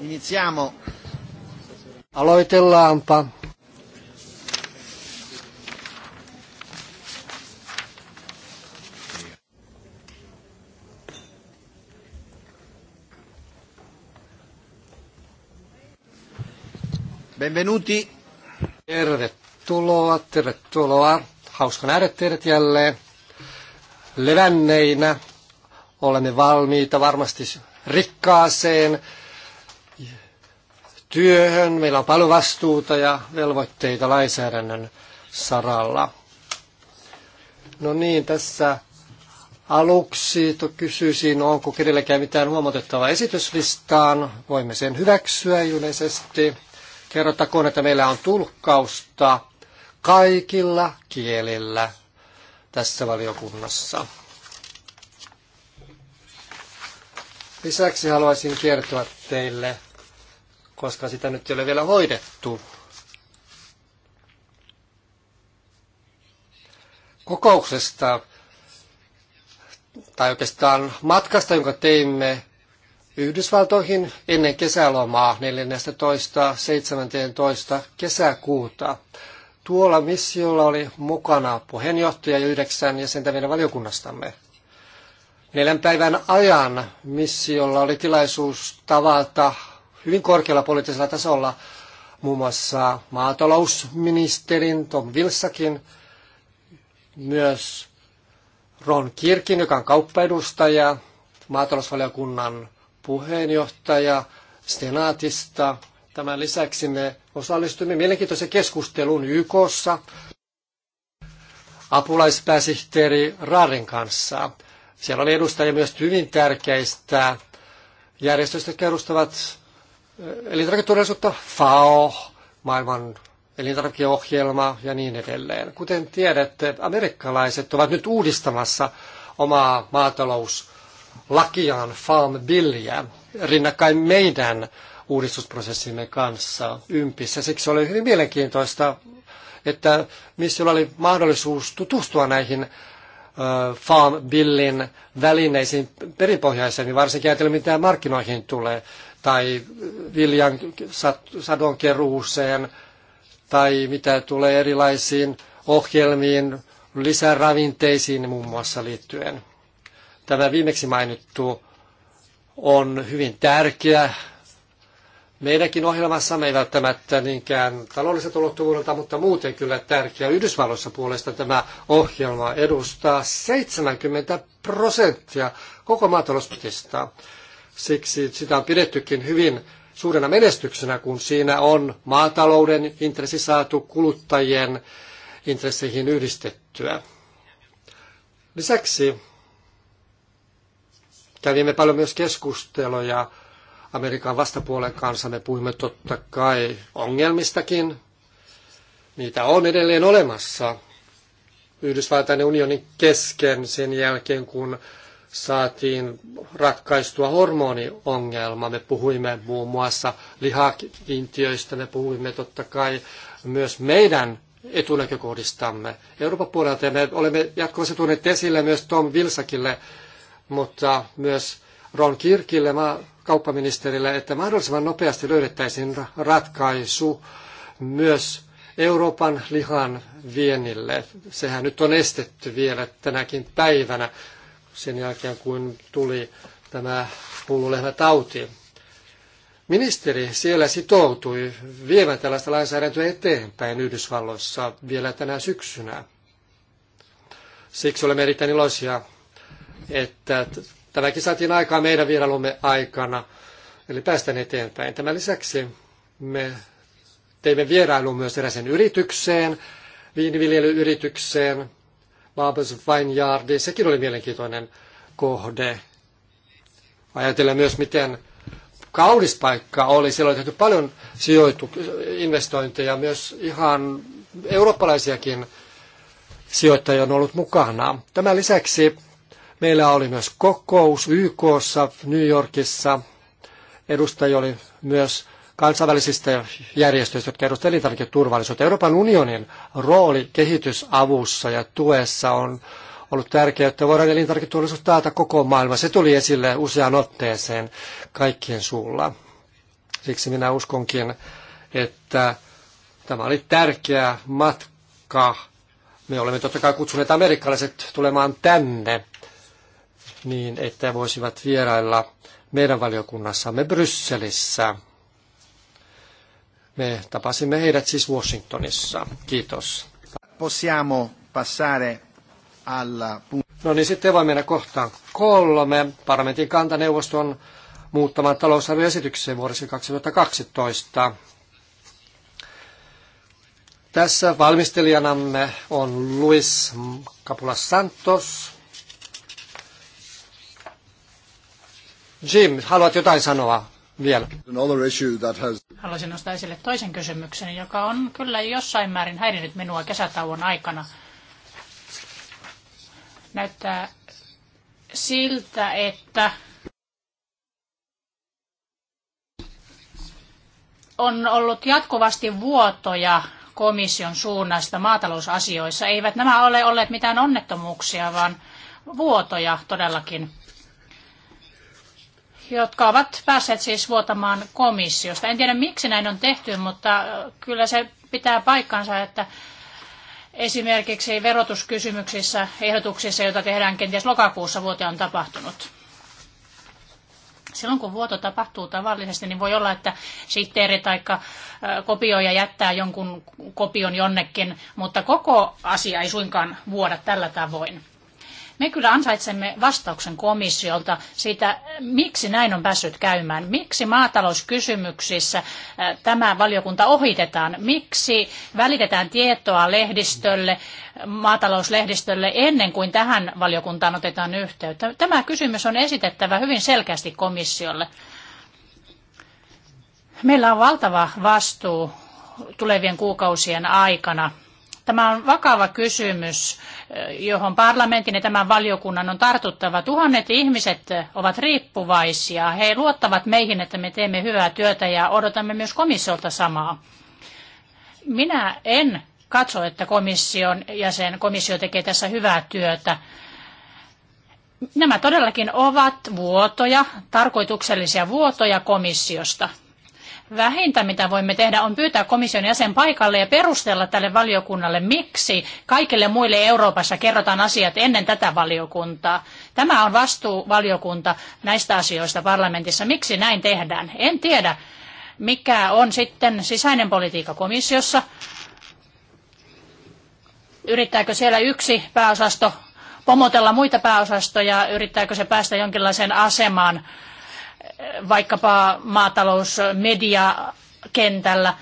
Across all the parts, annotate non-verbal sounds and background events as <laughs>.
Iniziamo. Aloitellaanpa. Benvenuti. Tervetuloa, tervetuloa. Hauska nähdä teidät jälleen. Levänneinä olemme valmiita varmasti rikkaaseen työhön. Meillä on paljon vastuuta ja velvoitteita lainsäädännön saralla. No niin, tässä aluksi kysyisin, onko kenelläkään mitään huomautettavaa esityslistaan. Voimme sen hyväksyä yleisesti. Kerrottakoon, että meillä on tulkkausta kaikilla kielillä tässä valiokunnassa. Lisäksi haluaisin kertoa teille koska sitä nyt ei ole vielä hoidettu. Kokouksesta tai oikeastaan matkasta, jonka teimme Yhdysvaltoihin ennen kesälomaa 14.17. kesäkuuta. Tuolla missiolla oli mukana puheenjohtaja ja yhdeksän jäsentä meidän valiokunnastamme. Neljän päivän ajan missiolla oli tilaisuus tavata hyvin korkealla poliittisella tasolla, muun muassa maatalousministerin Tom Vilsakin, myös Ron Kirkin, joka on kauppaedustaja, maatalousvaliokunnan puheenjohtaja senaatista. Tämän lisäksi me osallistumme mielenkiintoiseen keskusteluun YKssa apulaispääsihteeri Raaren kanssa. Siellä oli edustajia myös hyvin tärkeistä järjestöistä, jotka edustavat elintarviketurvallisuutta, FAO, maailman elintarvikeohjelma ja niin edelleen. Kuten tiedätte, amerikkalaiset ovat nyt uudistamassa omaa maatalouslakiaan Farm Billia rinnakkain meidän uudistusprosessimme kanssa ympissä. Siksi oli hyvin mielenkiintoista, että missä oli mahdollisuus tutustua näihin Farm Billin välineisiin perinpohjaisemmin, varsinkin ajatellen mitä markkinoihin tulee tai viljan sadonkeruuseen tai mitä tulee erilaisiin ohjelmiin, lisäravinteisiin muun muassa liittyen. Tämä viimeksi mainittu on hyvin tärkeä meidänkin ohjelmassamme, ei välttämättä niinkään taloudelliset ulottuvuudelta, mutta muuten kyllä tärkeä. Yhdysvalloissa puolesta tämä ohjelma edustaa 70 prosenttia koko maatalousbudjetista. Siksi sitä on pidettykin hyvin suurena menestyksenä, kun siinä on maatalouden intressi saatu kuluttajien intresseihin yhdistettyä. Lisäksi kävimme paljon myös keskusteluja Amerikan vastapuolen kanssa. Me puhuimme totta kai ongelmistakin. Niitä on edelleen olemassa Yhdysvaltain ja unionin kesken sen jälkeen, kun saatiin ratkaistua hormoniongelma. Me puhuimme muun muassa lihakintiöistä, me puhuimme totta kai myös meidän etunäkökohdistamme Euroopan puolelta. Ja me olemme jatkuvasti tuoneet esille myös Tom Vilsakille, mutta myös Ron Kirkille, kauppaministerille, että mahdollisimman nopeasti löydettäisiin ratkaisu myös Euroopan lihan viennille. Sehän nyt on estetty vielä tänäkin päivänä sen jälkeen, kun tuli tämä hullu tauti, Ministeri siellä sitoutui viemään tällaista lainsäädäntöä eteenpäin Yhdysvalloissa vielä tänä syksynä. Siksi olemme erittäin iloisia, että tämäkin saatiin aikaa meidän vierailumme aikana, eli päästään eteenpäin. Tämän lisäksi me teimme vierailun myös eräisen yritykseen, viiniviljelyyritykseen, vain Vineyardi, sekin oli mielenkiintoinen kohde. Ajatellaan myös, miten kaunis paikka oli. Siellä oli tehty paljon sijoitu- investointeja, myös ihan eurooppalaisiakin sijoittajia on ollut mukana. Tämän lisäksi meillä oli myös kokous YKssa New Yorkissa. Edustaja oli myös kansainvälisistä järjestöistä, jotka edustavat elintarviketurvallisuutta. Euroopan unionin rooli kehitysavussa ja tuessa on ollut tärkeää, että voidaan elintarviketurvallisuus taata koko maailma. Se tuli esille useaan otteeseen kaikkien suulla. Siksi minä uskonkin, että tämä oli tärkeä matka. Me olemme totta kai kutsuneet amerikkalaiset tulemaan tänne niin, että voisivat vierailla meidän valiokunnassamme Brysselissä – me tapasimme heidät siis Washingtonissa. Kiitos. Possiamo passare alla... No niin, sitten voi mennä kohtaan kolme. Parlamentin kantaneuvoston muuttamaan talousarvioesitykseen vuodessa 2012. Tässä valmistelijanamme on Luis Capula Santos. Jim, haluat jotain sanoa? vielä. Haluaisin nostaa esille toisen kysymyksen, joka on kyllä jossain määrin häirinnyt minua kesätauon aikana. Näyttää siltä, että on ollut jatkuvasti vuotoja komission suunnasta maatalousasioissa. Eivät nämä ole olleet mitään onnettomuuksia, vaan vuotoja todellakin jotka ovat päässeet siis vuotamaan komissiosta. En tiedä miksi näin on tehty, mutta kyllä se pitää paikkansa, että esimerkiksi verotuskysymyksissä, ehdotuksissa, joita tehdään kenties lokakuussa, vuote on tapahtunut. Silloin kun vuoto tapahtuu tavallisesti, niin voi olla, että sihteeri tai kopioija jättää jonkun kopion jonnekin, mutta koko asia ei suinkaan vuoda tällä tavoin. Me kyllä ansaitsemme vastauksen komissiolta siitä, miksi näin on päässyt käymään, miksi maatalouskysymyksissä äh, tämä valiokunta ohitetaan, miksi välitetään tietoa lehdistölle, maatalouslehdistölle ennen kuin tähän valiokuntaan otetaan yhteyttä. Tämä kysymys on esitettävä hyvin selkeästi komissiolle. Meillä on valtava vastuu tulevien kuukausien aikana Tämä on vakava kysymys, johon parlamentin ja tämän valiokunnan on tartuttava. Tuhannet ihmiset ovat riippuvaisia. He luottavat meihin, että me teemme hyvää työtä ja odotamme myös komissiolta samaa. Minä en katso, että komission jäsen, komissio tekee tässä hyvää työtä. Nämä todellakin ovat vuotoja, tarkoituksellisia vuotoja komissiosta. Vähintä, mitä voimme tehdä, on pyytää komission jäsen paikalle ja perustella tälle valiokunnalle, miksi kaikille muille Euroopassa kerrotaan asiat ennen tätä valiokuntaa. Tämä on vastuuvaliokunta näistä asioista parlamentissa. Miksi näin tehdään? En tiedä, mikä on sitten sisäinen politiikka komissiossa. Yrittääkö siellä yksi pääosasto pomotella muita pääosastoja, yrittääkö se päästä jonkinlaiseen asemaan vaikkapa maatalousmediakentällä.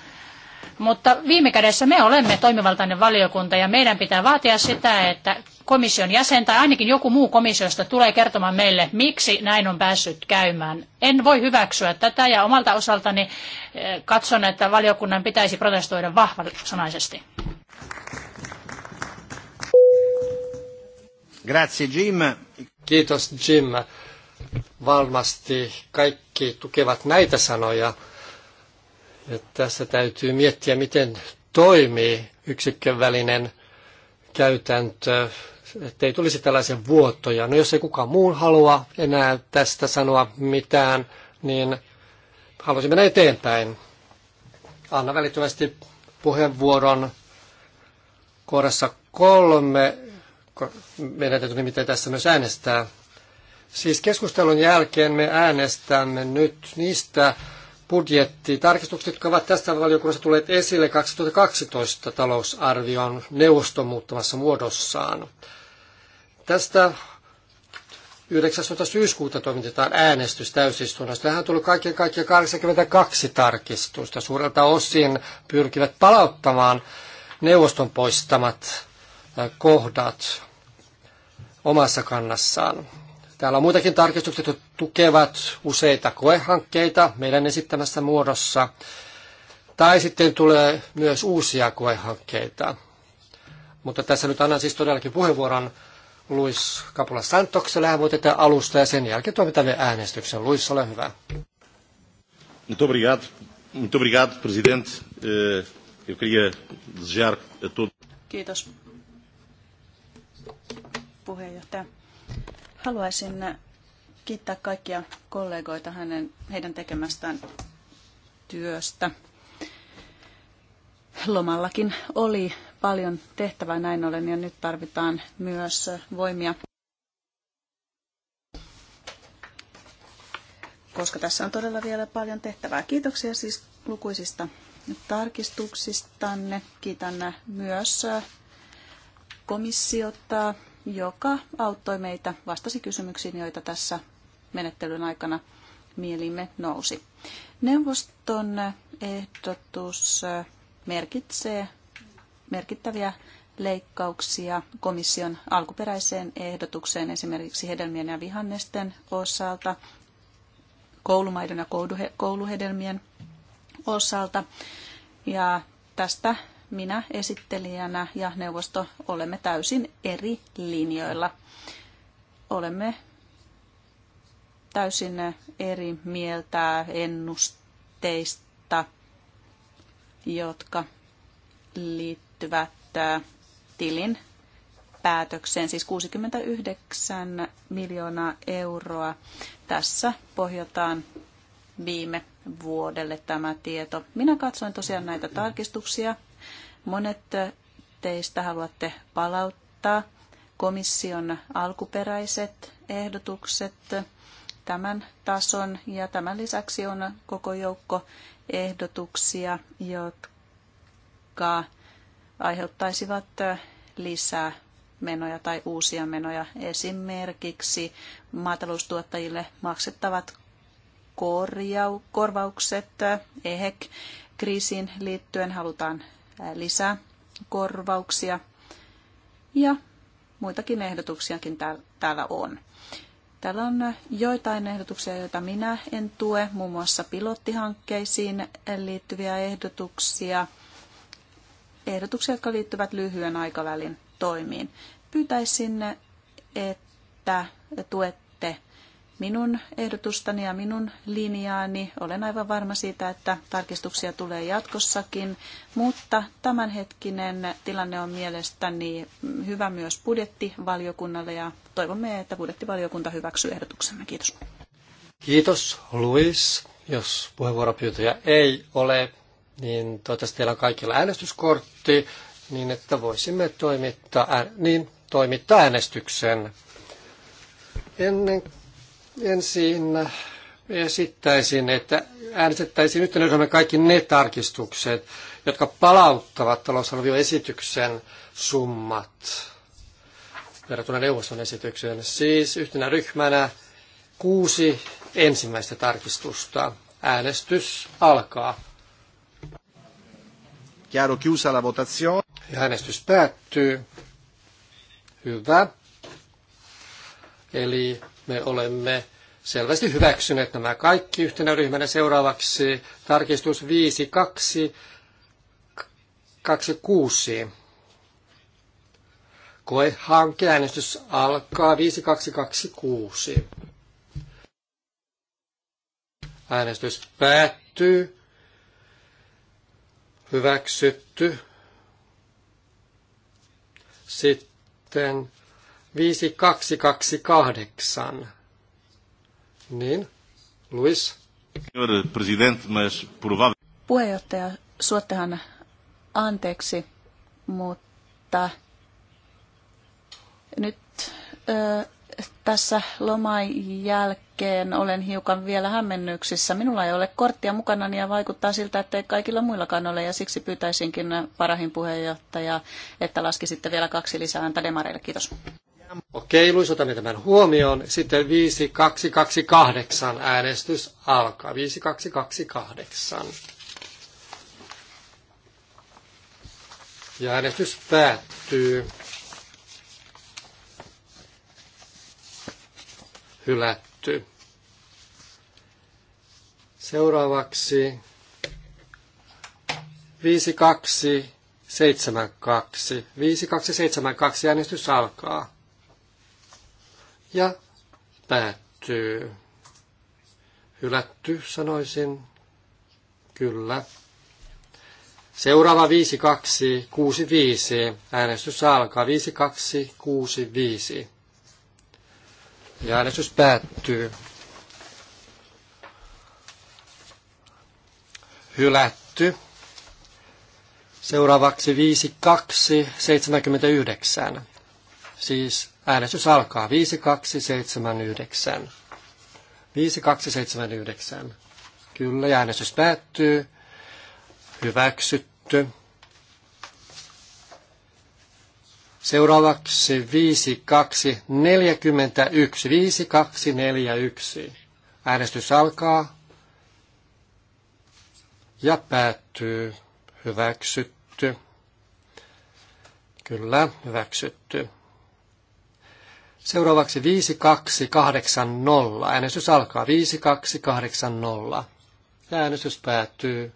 Mutta viime kädessä me olemme toimivaltainen valiokunta ja meidän pitää vaatia sitä, että komission jäsen tai ainakin joku muu komissiosta tulee kertomaan meille, miksi näin on päässyt käymään. En voi hyväksyä tätä ja omalta osaltani eh, katson, että valiokunnan pitäisi protestoida vahvasanaisesti. Grazie Jim. Kiitos Jim. Varmasti kaikki tukevat näitä sanoja. Ja tässä täytyy miettiä, miten toimii yksikön välinen käytäntö, ettei tulisi tällaisia vuotoja. No jos ei kukaan muu halua enää tästä sanoa mitään, niin haluaisin mennä eteenpäin. Anna välittömästi puheenvuoron kohdassa kolme. Meidän täytyy nimittäin tässä myös äänestää. Siis keskustelun jälkeen me äänestämme nyt niistä budjettitarkistuksista, jotka ovat tästä valiokunnassa tulleet esille 2012 talousarvion neuvoston muuttamassa muodossaan. Tästä 19. syyskuuta toimitetaan äänestys täysistunnosta. Tähän tuli kaiken kaikkiaan 82 tarkistusta. Suurelta osin pyrkivät palauttamaan neuvoston poistamat äh, kohdat omassa kannassaan. Täällä on muitakin tarkistuksia, jotka tukevat useita koehankkeita meidän esittämässä muodossa. Tai sitten tulee myös uusia koehankkeita. Mutta tässä nyt annan siis todellakin puheenvuoron Luis Kapula Santokselle. Hän voi tätä alusta ja sen jälkeen toimitamme äänestyksen. Luis, ole hyvä. Muito obrigado. Muito obrigado, presidente. Eh, eu queria desejar a todos... Kiitos, puheenjohtaja Haluaisin kiittää kaikkia kollegoita hänen, heidän tekemästään työstä. Lomallakin oli paljon tehtävää näin ollen ja nyt tarvitaan myös voimia. koska tässä on todella vielä paljon tehtävää. Kiitoksia siis lukuisista tarkistuksistanne. Kiitän myös komissiota joka auttoi meitä, vastasi kysymyksiin, joita tässä menettelyn aikana mielimme nousi. Neuvoston ehdotus merkitsee merkittäviä leikkauksia komission alkuperäiseen ehdotukseen esimerkiksi hedelmien ja vihannesten osalta, koulumaidon ja kouluhedelmien osalta. Ja tästä minä esittelijänä ja neuvosto olemme täysin eri linjoilla. Olemme täysin eri mieltä ennusteista, jotka liittyvät äh, tilin päätökseen, siis 69 miljoonaa euroa. Tässä pohjataan viime vuodelle tämä tieto. Minä katsoin tosiaan näitä tarkistuksia Monet teistä haluatte palauttaa komission alkuperäiset ehdotukset tämän tason ja tämän lisäksi on koko joukko ehdotuksia, jotka aiheuttaisivat lisää menoja tai uusia menoja. Esimerkiksi maataloustuottajille maksettavat korvaukset, EHEC, kriisiin liittyen halutaan lisää korvauksia ja muitakin ehdotuksiakin täällä on. Täällä on joitain ehdotuksia, joita minä en tue, muun muassa pilottihankkeisiin liittyviä ehdotuksia, ehdotuksia, jotka liittyvät lyhyen aikavälin toimiin. Pyytäisin, että tuette minun ehdotustani ja minun linjaani. Olen aivan varma siitä, että tarkistuksia tulee jatkossakin, mutta tämänhetkinen tilanne on mielestäni hyvä myös budjettivaliokunnalle ja toivomme, että budjettivaliokunta hyväksyy ehdotuksemme. Kiitos. Kiitos, Luis. Jos puheenvuoropyyntöjä ei ole, niin toivottavasti teillä on kaikilla äänestyskortti, niin että voisimme toimittaa, ää, niin, toimittaa äänestyksen ennen Ensin esittäisin, että äänestettäisiin nyt ne kaikki ne tarkistukset, jotka palauttavat talousarvioesityksen summat verrattuna neuvoston esitykseen. Siis yhtenä ryhmänä kuusi ensimmäistä tarkistusta. Äänestys alkaa. Chiaro chiusa la votazione. Äänestys päättyy. Hyvä. Eli me olemme selvästi hyväksyneet nämä kaikki yhtenä ryhmänä. Seuraavaksi tarkistus 5, 2, 2, 6. Koehanke äänestys alkaa 5226. Äänestys päättyy. Hyväksytty. Sitten 5228. Niin, Luis. Puheenjohtaja, suottehan anteeksi, mutta nyt ö, tässä loman jälkeen olen hiukan vielä hämmennyksissä. Minulla ei ole korttia mukana niin ja vaikuttaa siltä, että ei kaikilla muillakaan ole ja siksi pyytäisinkin parahin puheenjohtaja, että laskisitte vielä kaksi lisää antademareille. Kiitos. Okei, okay, otamme tämän huomioon. Sitten 5228 äänestys alkaa. 5228. Ja äänestys päättyy. Hylätty. Seuraavaksi 5272. 5272 äänestys alkaa ja päättyy. Hylätty, sanoisin. Kyllä. Seuraava 5265. Äänestys alkaa 5265. Ja äänestys päättyy. Hylätty. Seuraavaksi 5279. Siis Äänestys alkaa 5279. 5279. Kyllä, ja äänestys päättyy. Hyväksytty. Seuraavaksi 5241. 5241. Äänestys alkaa ja päättyy. Hyväksytty. Kyllä, hyväksytty. Seuraavaksi 5280. Äänestys alkaa 5280. Äänestys päättyy.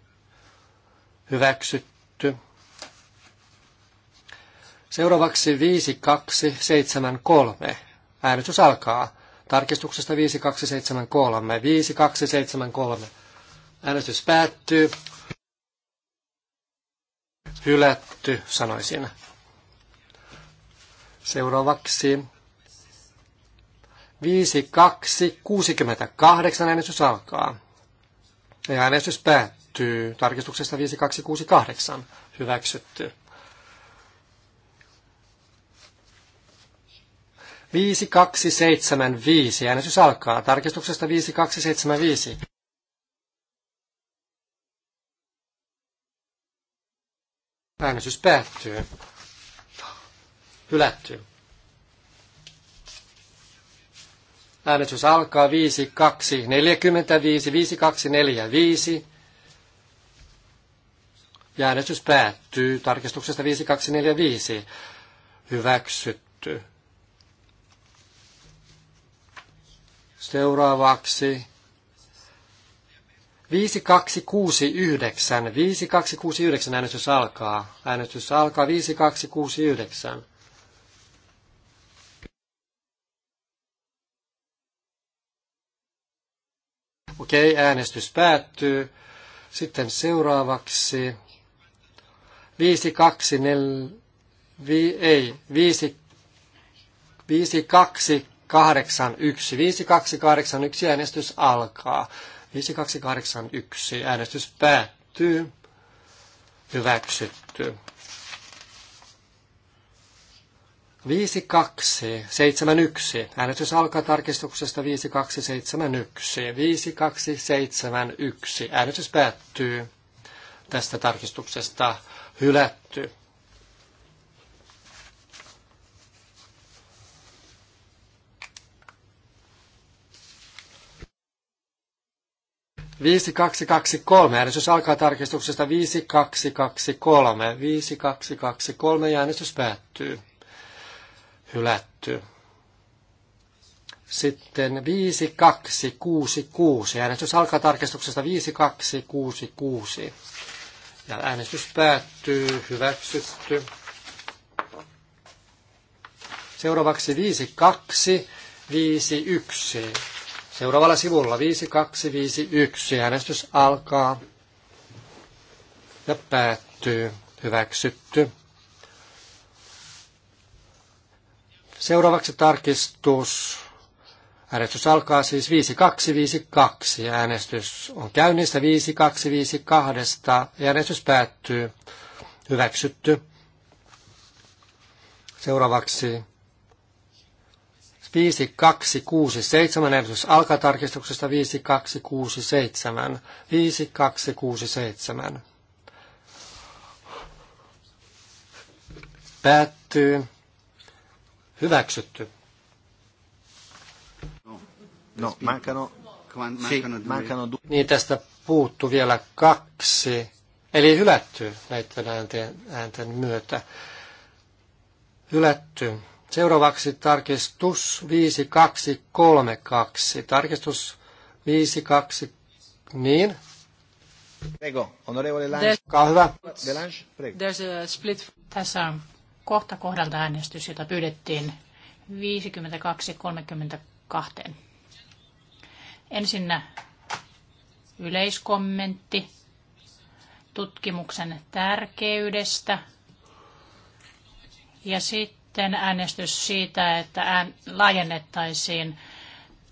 Hyväksytty. Seuraavaksi 5273. Äänestys alkaa. Tarkistuksesta 5273. 5273. Äänestys päättyy. Hylätty, sanoisin. Seuraavaksi 5, 2, 68 äänestys alkaa. Ja äänestys päättyy tarkistuksesta 5268 hyväksytty. 5275. Äänestys alkaa. Tarkistuksesta 5275. Äänestys päättyy. Hylätty. Äänestys alkaa 4, 5. Ja äänestys päättyy tarkistuksesta 5. Hyväksytty. Seuraavaksi 5269. 5269 äänestys alkaa. Äänestys alkaa 5269. Okei, äänestys päättyy. Sitten seuraavaksi nel vi, ei, 5, 8 1 äänestys alkaa. 1 äänestys päättyy. Hyväksytty. 5271. Äänestys alkaa tarkistuksesta 5271. 5271. Äänestys päättyy tästä tarkistuksesta hylätty. Viisi kaksi kaksi kolme. Äänestys alkaa tarkistuksesta viisi kaksi kaksi kolme. Viisi kaksi kaksi kolme ja äänestys päättyy hylätty. Sitten 5266. Äänestys alkaa tarkistuksesta 5266. Ja äänestys päättyy. Hyväksytty. Seuraavaksi 5251. Seuraavalla sivulla 5251. Äänestys alkaa ja päättyy. Hyväksytty. Seuraavaksi tarkistus. Äänestys alkaa siis 5252. Äänestys on käynnissä 5252. Äänestys päättyy. Hyväksytty. Seuraavaksi 5267. Äänestys alkaa tarkistuksesta 5267. 5267. Päättyy Hyväksytty. No, no mancano, mancano, mancano. Niin tästä puuttu vielä kaksi, eli hylätty näiden äänten, äänten myötä. Hylätty. Seuraavaksi tarkistus 5232. Tarkistus 52, niin. Prego, onorevole Lange. Olkaa hyvä. There's a split. Tässä on kohta kohdalta äänestys, jota pyydettiin 52.32. Ensinnä yleiskommentti tutkimuksen tärkeydestä ja sitten äänestys siitä, että ään, laajennettaisiin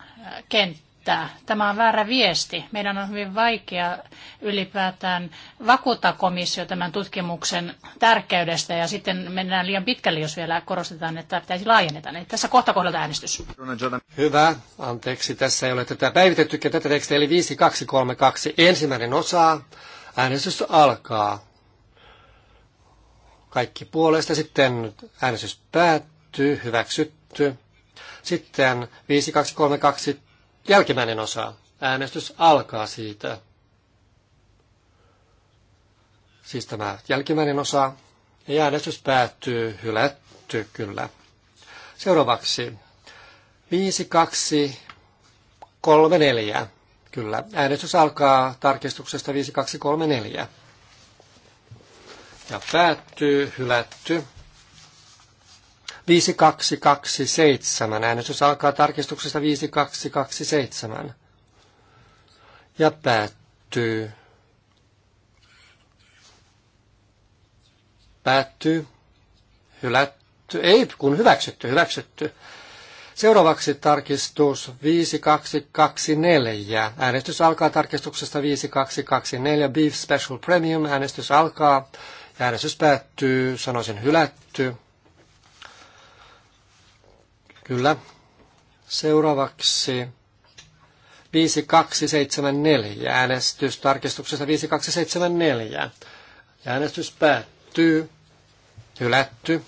äh, kent, riittää. Tämä on väärä viesti. Meidän on hyvin vaikea ylipäätään vakuuttaa komissio tämän tutkimuksen tärkeydestä ja sitten mennään liian pitkälle, jos vielä korostetaan, että pitäisi laajenneta. Niin tässä kohta kohdalta äänestys. Hyvä. Anteeksi, tässä ei ole tätä päivitetty tätä tekstiä, eli 5232 ensimmäinen osa. Äänestys alkaa. Kaikki puolesta sitten äänestys päättyy, hyväksytty. Sitten 5232 jälkimmäinen osa. Äänestys alkaa siitä. Siis tämä jälkimmäinen osa. Ja äänestys päättyy hylätty kyllä. Seuraavaksi 5, 2, 3, 4. Kyllä, äänestys alkaa tarkistuksesta 5, 2, 3, 4. Ja päättyy, hylätty. 5227. Äänestys alkaa tarkistuksesta 5227. Ja päättyy. Päättyy. Hylätty. Ei, kun hyväksytty, hyväksytty. Seuraavaksi tarkistus 5224. Äänestys alkaa tarkistuksesta 5224. Beef Special Premium. Äänestys alkaa. Äänestys päättyy. Sanoisin hylätty. Kyllä. Seuraavaksi 5274. Äänestys tarkistuksesta 5274. Äänestys päättyy. Hylätty.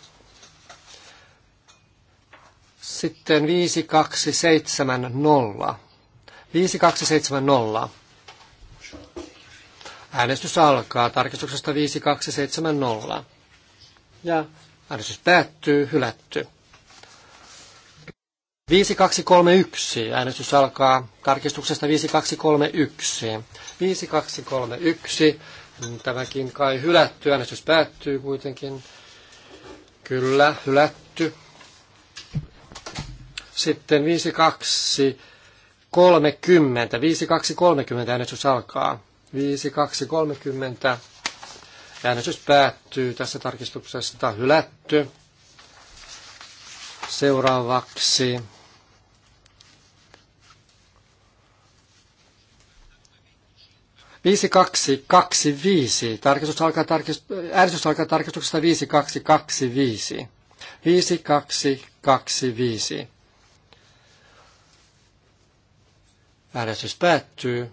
Sitten 5270. 5270. Äänestys alkaa tarkistuksesta 5270. Ja äänestys päättyy, hylätty. 5231. Äänestys alkaa tarkistuksesta 5231. 5231. Tämäkin kai hylätty. Äänestys päättyy kuitenkin. Kyllä, hylätty. Sitten 5230. 5230 äänestys alkaa. 5230 äänestys päättyy tässä tarkistuksesta. Hylätty. Seuraavaksi Viisi kaksi kaksi viisi. Tarkistus alkaa tarkist... Äänestys alkaa tarkistuksesta viisi kaksi kaksi viisi. Viisi kaksi kaksi viisi. Äänestys päättyy.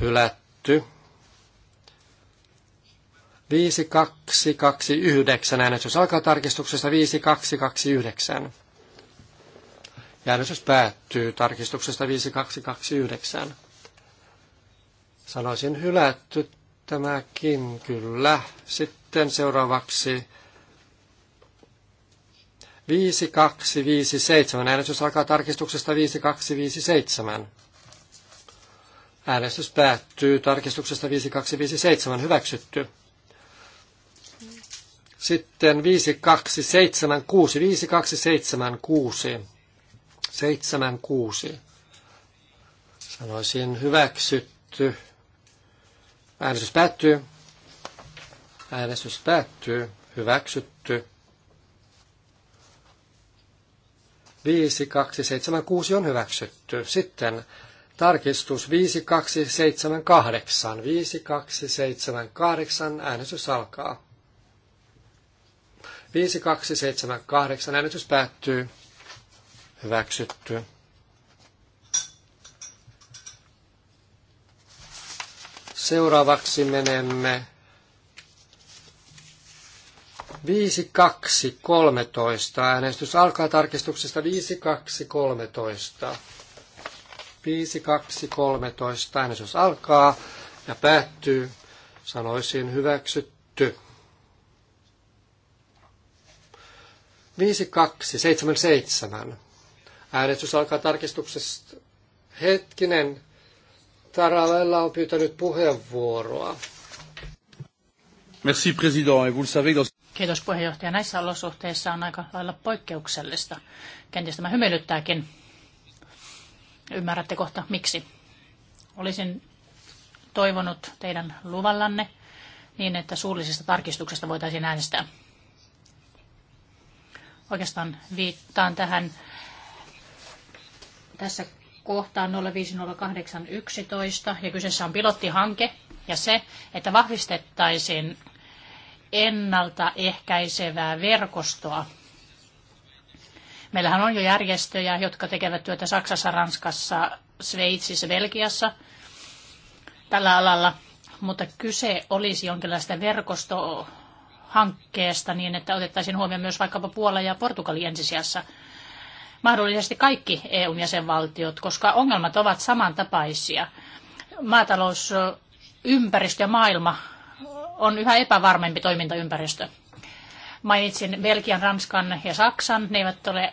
Hylätty. 5229. Äänestys alkaa tarkistuksesta 5229. Ja äänestys päättyy tarkistuksesta 5229. Sanoisin hylätty tämäkin, kyllä. Sitten seuraavaksi 5257. Äänestys alkaa tarkistuksesta 5257. Äänestys päättyy tarkistuksesta 5257. Hyväksytty. Sitten 5276, 5276, 76. Sanoisin hyväksytty. Äänestys päättyy. Äänestys päättyy. Hyväksytty. 5276 on hyväksytty. Sitten tarkistus 5278. 5278. Äänestys alkaa. 5278 äänestys päättyy. Hyväksytty. Seuraavaksi menemme 5213. Äänestys alkaa tarkistuksesta 5213. 5213. Äänestys alkaa ja päättyy. Sanoisin hyväksytty. 5277. Äänestys alkaa tarkistuksesta. Hetkinen. Taravella on pyytänyt puheenvuoroa. Merci, président. Et vous le savez, dans... Kiitos puheenjohtaja. Näissä olosuhteissa on aika lailla poikkeuksellista. Kenties tämä hymyilyttääkin. Ymmärrätte kohta miksi. Olisin toivonut teidän luvallanne niin, että suullisesta tarkistuksesta voitaisiin äänestää. Oikeastaan viittaan tähän tässä kohtaan 050811 ja kyseessä on pilottihanke ja se, että vahvistettaisiin ennaltaehkäisevää verkostoa. Meillähän on jo järjestöjä, jotka tekevät työtä Saksassa, Ranskassa, Sveitsissä, Belgiassa tällä alalla, mutta kyse olisi jonkinlaista verkosto hankkeesta niin, että otettaisiin huomioon myös vaikkapa Puola ja Portugali ensisijassa mahdollisesti kaikki EUn jäsenvaltiot, koska ongelmat ovat samantapaisia. Maatalous, ympäristö ja maailma on yhä epävarmempi toimintaympäristö. Mainitsin Belgian, Ranskan ja Saksan. Ne eivät ole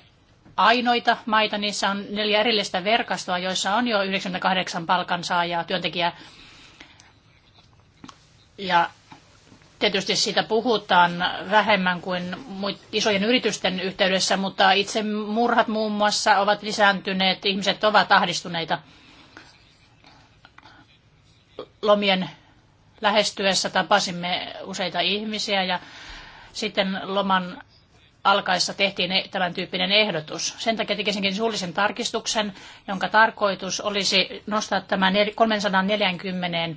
ainoita maita. Niissä on neljä erillistä verkostoa, joissa on jo 98 palkansaajaa, työntekijää. Ja Tietysti siitä puhutaan vähemmän kuin isojen yritysten yhteydessä, mutta itse murhat muun muassa ovat lisääntyneet, ihmiset ovat ahdistuneita lomien lähestyessä tapasimme useita ihmisiä ja sitten loman alkaessa tehtiin e- tämän tyyppinen ehdotus. Sen takia tekisinkin suullisen tarkistuksen, jonka tarkoitus olisi nostaa tämä 340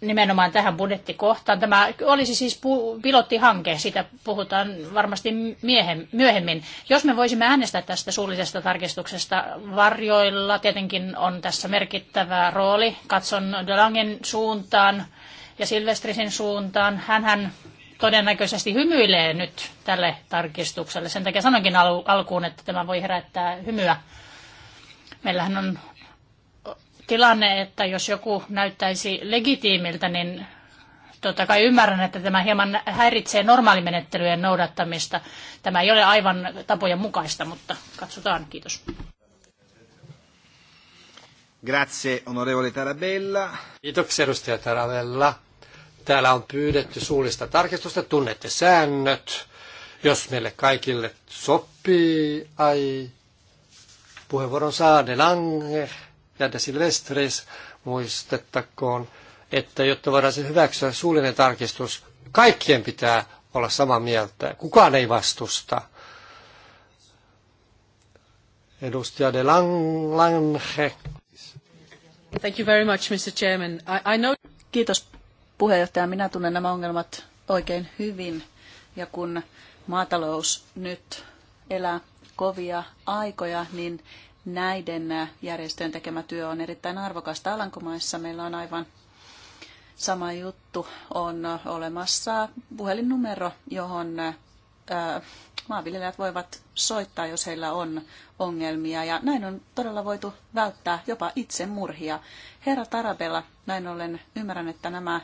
nimenomaan tähän budjettikohtaan. Tämä olisi siis pilottihanke, sitä puhutaan varmasti myöhemmin. Jos me voisimme äänestää tästä suullisesta tarkistuksesta varjoilla, tietenkin on tässä merkittävä rooli. Katson Delangen suuntaan ja Silvestrisin suuntaan. Hänhän todennäköisesti hymyilee nyt tälle tarkistukselle. Sen takia sanonkin alkuun, että tämä voi herättää hymyä. Meillähän on tilanne, että jos joku näyttäisi legitiimiltä, niin totta kai ymmärrän, että tämä hieman häiritsee normaalimenettelyjen noudattamista. Tämä ei ole aivan tapojen mukaista, mutta katsotaan. Kiitos. Grazie, onorevole Tarabella. Kiitoksia, edustaja Tarabella. Täällä on pyydetty suullista tarkistusta, tunnette säännöt. Jos meille kaikille sopii, ai, puheenvuoron saa De Lange ja De Silvestris muistettakoon, että jotta voidaan se hyväksyä suullinen tarkistus, kaikkien pitää olla samaa mieltä. Kukaan ei vastusta. Edustaja De Lange. Thank you very much, Mr. Chairman. I, I know... Kiitos puheenjohtaja. Minä tunnen nämä ongelmat oikein hyvin. Ja kun maatalous nyt elää kovia aikoja, niin näiden äh, järjestöjen tekemä työ on erittäin arvokasta. Alankomaissa meillä on aivan sama juttu. On äh, olemassa puhelinnumero, johon äh, maanviljelijät voivat soittaa, jos heillä on ongelmia. Ja näin on todella voitu välttää jopa itsemurhia. Herra Tarabella, näin ollen ymmärrän, että nämä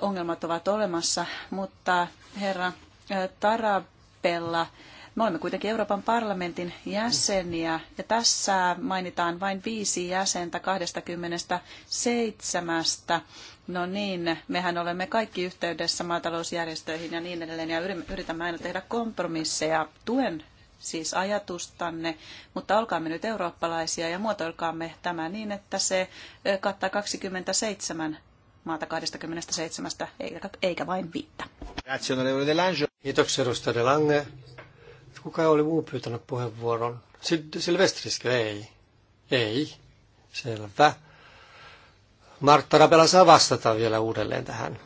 ongelmat ovat olemassa, mutta herra Tarabella, me olemme kuitenkin Euroopan parlamentin jäseniä ja tässä mainitaan vain viisi jäsentä 27. No niin, mehän olemme kaikki yhteydessä maatalousjärjestöihin ja niin edelleen ja yritämme aina tehdä kompromisseja. Tuen siis ajatustanne, mutta olkaamme nyt eurooppalaisia ja muotoilkaamme tämä niin, että se kattaa 27 maata 27, eikä, eikä vain viittä. Kiitoksia edustaja Lange. Kuka oli muu pyytänyt puheenvuoron? Silvestriskö? Ei. Ei. Selvä. Martta Rapela saa vastata vielä uudelleen tähän.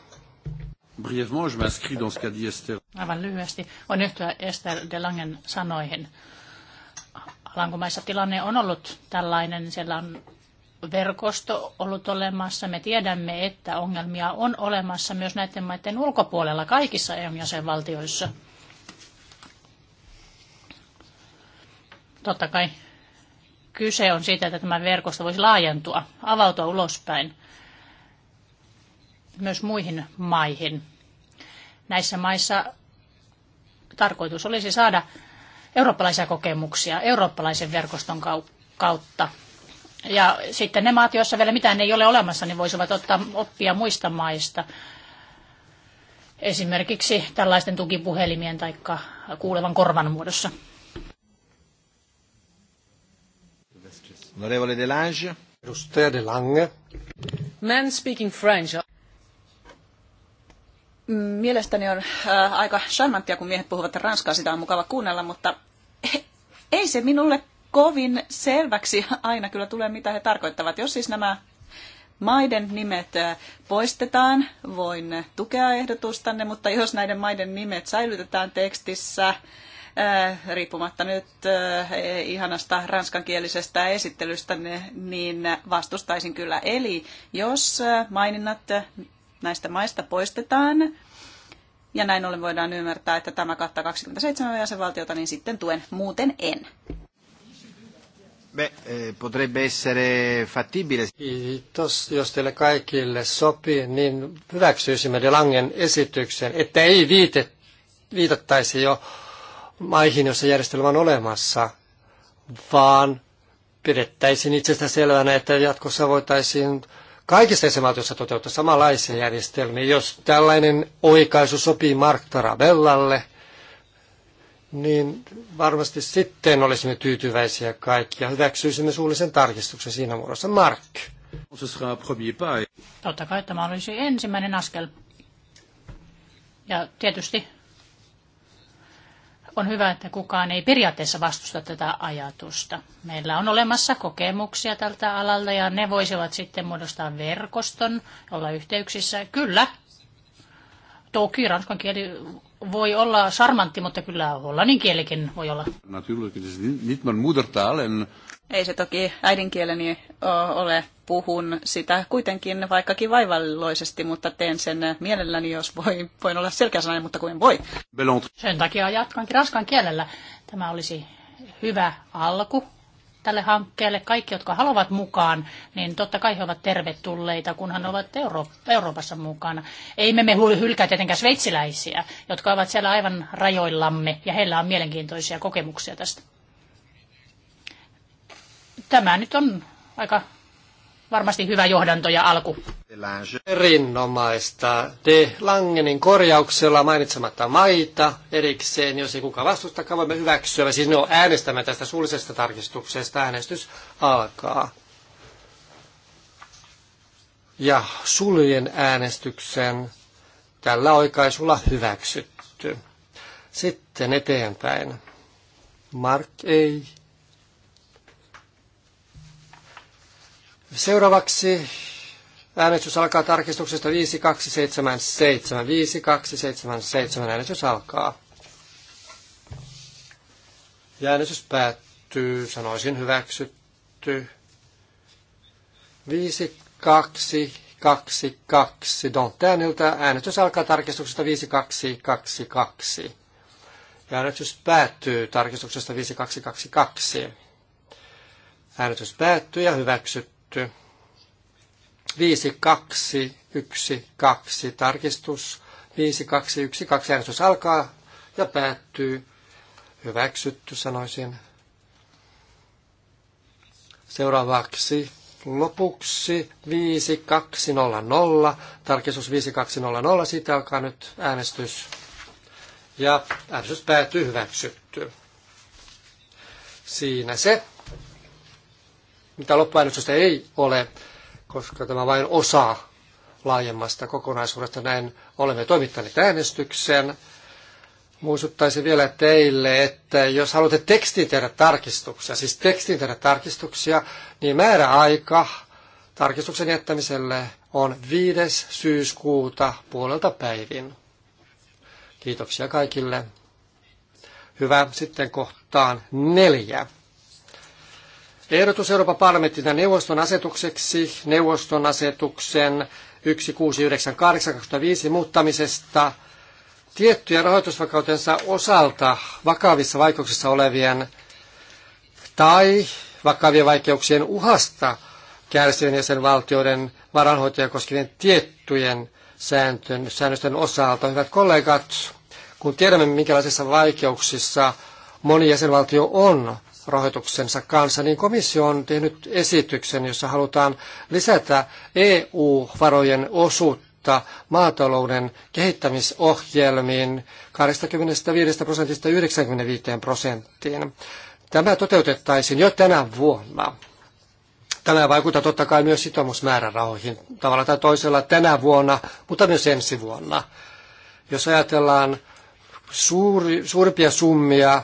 Brièvement, je m'inscris dans ce qu'a dit Esther. Aivan lyhyesti. On yhtyä Esther de Langen sanoihin. Alankomaissa tilanne on ollut tällainen. Siellä on verkosto ollut olemassa. Me tiedämme, että ongelmia on olemassa myös näiden maiden ulkopuolella kaikissa EU-jäsenvaltioissa. Totta kai kyse on siitä, että tämä verkosto voisi laajentua, avautua ulospäin myös muihin maihin. Näissä maissa tarkoitus olisi saada eurooppalaisia kokemuksia eurooppalaisen verkoston kautta. Ja sitten ne maat, joissa vielä mitään ei ole olemassa, niin voisivat ottaa oppia muista maista. Esimerkiksi tällaisten tukipuhelimien tai kuulevan korvan muodossa. Onorevole Delange. Edustaja Delange. speaking French. Mielestäni on äh, aika charmanttia, kun miehet puhuvat ranskaa, sitä on mukava kuunnella, mutta <laughs> ei se minulle kovin selväksi aina kyllä tulee, mitä he tarkoittavat. Jos siis nämä maiden nimet äh, poistetaan, voin tukea ehdotustanne, mutta jos näiden maiden nimet säilytetään tekstissä, Äh, riippumatta nyt äh, ihanasta ranskankielisestä esittelystä, niin vastustaisin kyllä. Eli jos äh, maininnat näistä maista poistetaan, ja näin ollen voidaan ymmärtää, että tämä kattaa 27 jäsenvaltiota, niin sitten tuen muuten en. Beh, eh, potrebbe essere fattibile. Kiitos, jos teille kaikille sopii, niin hyväksyisimme De Langen esityksen, että ei viite, viitattaisi jo maihin, joissa järjestelmä on olemassa, vaan pidettäisiin itsestä selvänä, että jatkossa voitaisiin kaikissa jäsenvaltioissa toteuttaa samanlaisia järjestelmiä. Jos tällainen oikaisu sopii Mark Tarabellalle, niin varmasti sitten olisimme tyytyväisiä kaikki ja hyväksyisimme suullisen tarkistuksen siinä muodossa. Mark. Totta kai tämä olisi ensimmäinen askel. Ja tietysti on hyvä, että kukaan ei periaatteessa vastusta tätä ajatusta. Meillä on olemassa kokemuksia tältä alalta ja ne voisivat sitten muodostaa verkoston, olla yhteyksissä. Kyllä, toki ranskan kieli voi olla charmantti, mutta kyllä hollannin kielikin voi olla. Ei se toki äidinkieleni ole. Puhun sitä kuitenkin vaikkakin vaivalloisesti, mutta teen sen mielelläni, jos voi. Voin olla sanainen, mutta kuin voi. Sen takia jatkankin ranskan kielellä. Tämä olisi hyvä alku tälle hankkeelle. Kaikki, jotka haluavat mukaan, niin totta kai he ovat tervetulleita, kunhan ovat Euro- Euroopassa mukana. Ei me, me hylkää tietenkään sveitsiläisiä, jotka ovat siellä aivan rajoillamme, ja heillä on mielenkiintoisia kokemuksia tästä. Tämä nyt on aika varmasti hyvä johdanto ja alku. Erinomaista. De Langenin korjauksella mainitsematta maita erikseen, jos ei kuka vastustakaan, voimme hyväksyä. Siis ne no, on äänestämme tästä suullisesta tarkistuksesta. Äänestys alkaa. Ja suljen äänestyksen tällä oikaisulla hyväksytty. Sitten eteenpäin. Mark ei. Seuraavaksi Äänestys alkaa tarkistuksesta 5277. 5277 äänestys alkaa. Ja äänestys päättyy, sanoisin hyväksytty. 5222 Dontanilta. Äänestys alkaa tarkistuksesta 5222. Ja äänestys päättyy tarkistuksesta 5222. Äänestys päättyy ja hyväksytty. 5, 2, 1, 2, tarkistus. 5, 2, 1, 2, äänestys alkaa ja päättyy. Hyväksytty, sanoisin. Seuraavaksi lopuksi 5200, tarkistus 5200, siitä alkaa nyt äänestys. Ja äänestys päätyy hyväksytty. Siinä se, mitä loppuäänestystä ei ole, koska tämä vain osa laajemmasta kokonaisuudesta. Näin olemme toimittaneet äänestyksen. Muistuttaisin vielä teille, että jos haluatte tekstin tehdä tarkistuksia, siis tekstin tehdä tarkistuksia, niin määräaika tarkistuksen jättämiselle on 5. syyskuuta puolelta päivin. Kiitoksia kaikille. Hyvä. Sitten kohtaan neljä. Ehdotus Euroopan parlamentin ja neuvoston asetukseksi neuvoston asetuksen 1698-2005 muuttamisesta tiettyjen rahoitusvakautensa osalta vakavissa vaikeuksissa olevien tai vakavien vaikeuksien uhasta kärsivien jäsenvaltioiden varanhoitoja koskevien tiettyjen sääntön, säännösten osalta. Hyvät kollegat, kun tiedämme, minkälaisissa vaikeuksissa moni jäsenvaltio on, rahoituksensa kanssa, niin komissio on tehnyt esityksen, jossa halutaan lisätä EU-varojen osuutta maatalouden kehittämisohjelmiin 25 prosentista 95 prosenttiin. Tämä toteutettaisiin jo tänä vuonna. Tämä vaikuttaa totta kai myös sitoumusmäärärahoihin tavalla tai toisella tänä vuonna, mutta myös ensi vuonna. Jos ajatellaan suuri, suurimpia summia